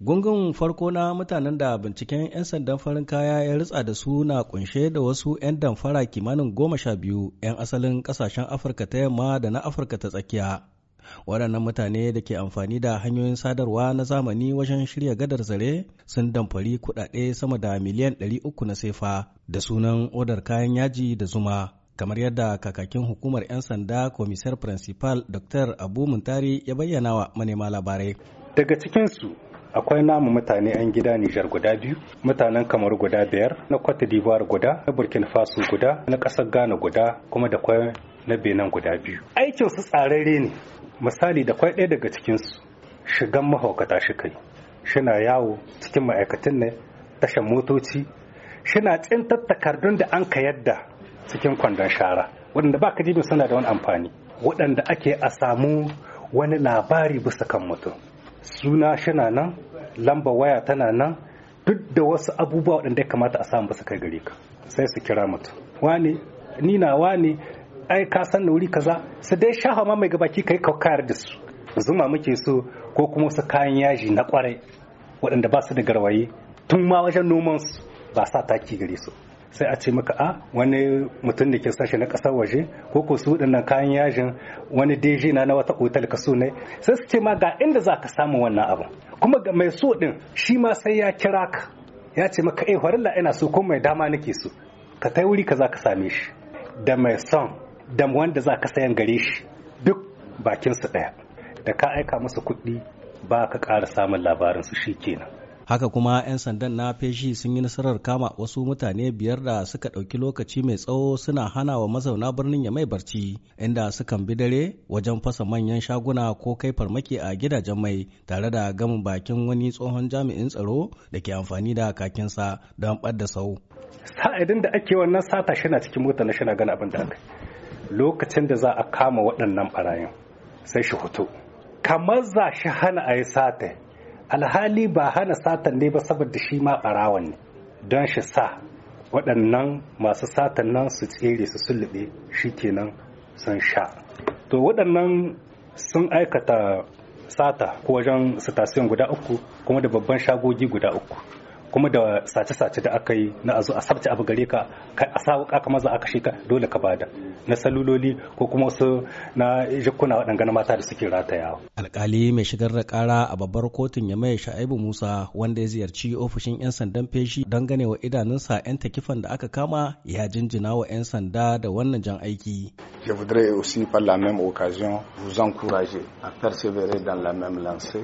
Gungun farko na mutanen da binciken 'yan sandan farin kaya ya ritsa da su na kunshe da wasu 'yan damfara kimanin goma sha biyu 'yan asalin kasashen Afirka ta yamma da na Afirka ta tsakiya. Waɗannan mutane da ke amfani da hanyoyin sadarwa na zamani wajen shirya gadar zare sun damfari kuɗaɗe sama da miliyan ɗari uku na sefa da sunan odar kayan yaji da zuma. Kamar yadda kakakin hukumar 'yan sanda komisar principal Dr. Abu Muntari ya bayyana wa manema labarai. Daga cikinsu akwai namu mutane 'yan gida Nijar guda biyu, mutanen kamar guda biyar, na Cote d'Ivoire guda, na Burkina Faso guda, na ƙasar Ghana guda, kuma da kwai na Benin guda biyu. Aikin su tsararre ne, misali da kwai ɗaya daga cikinsu shigan mahaukata shi kai, shina yawo cikin ma'aikatan ne, tashan motoci, shina tsintar takardun da an ka yadda cikin kwandon shara, waɗanda ba ka jibin suna da wani amfani, waɗanda ake a samu wani labari bisa kan mutum. suna shana nan lamba waya tana nan duk da wasu abubuwa waɗanda ya kamata a samu basu kai gare ka sai su kira mutum wani ni na wani ai ka san da wuri kaza su dai shafa ma mai gabaki kai ka kayar da su zuma muke so ko kuma su kayan yaji na kwarai waɗanda ba su da garwaye tun ma wajen noman su ba sa taki gare su sai a ce maka a ah, wani mutum da ke sashe na kasar waje ko ko su waɗannan kayan yajin wani deji na na wata otal ka so ne sai su ce ma ga inda za ka samu wannan abu kuma ga mai so ɗin shi ma sai ya kira ka ya ce maka eh warilla ina so ko mai dama nake so ka tai wuri ka za ka same shi da mai son da wanda za ka sayan gare shi duk bakinsu ɗaya da ka aika masa kuɗi ba ka ƙara samun labarin su shi kenan haka kuma 'yan sandan na feshi sun yi nasarar kama wasu mutane biyar da suka ɗauki lokaci mai tsawo suna hana wa mazauna birnin ya mai barci inda sukan bi dare wajen fasa manyan shaguna ko kai farmaki a gidajen mai tare da gamin bakin wani tsohon jami'in tsaro da ke amfani da kakinsa don ɓadda sau sa'idin da ake wannan sata shina cikin mota na shina gana abin da lokacin da za a kama waɗannan barayin sai shi hoto kamar za shi hana a yi sata alhali ba hana satan ne ba saboda shi ma ɓarawan ne don shi sa waɗannan masu satan nan su tsere su sulluɓe shi kenan sun sha to waɗannan sun aikata sata ko wajen sitasiyon guda uku kuma da babban shagogi guda uku kuma da sace-sace da aka yi na azu a sabta abu gare ka a sa wuka kamar za a kashe ka dole ka bada na saluloli ko kuma wasu na jikuna waɗanda mata da suke ratayawa. alkali mai shigar da kara a babbar kotun ya mai sha'ibu musa wanda ya ziyarci ofishin 'yan sandan feshi don ganewa idanunsa 'yan takifan da aka kama ya jinjina wa 'yan sanda da wannan jan aiki Je voudrais aussi par la même occasion vous encourager à persévérer dans la même lancée.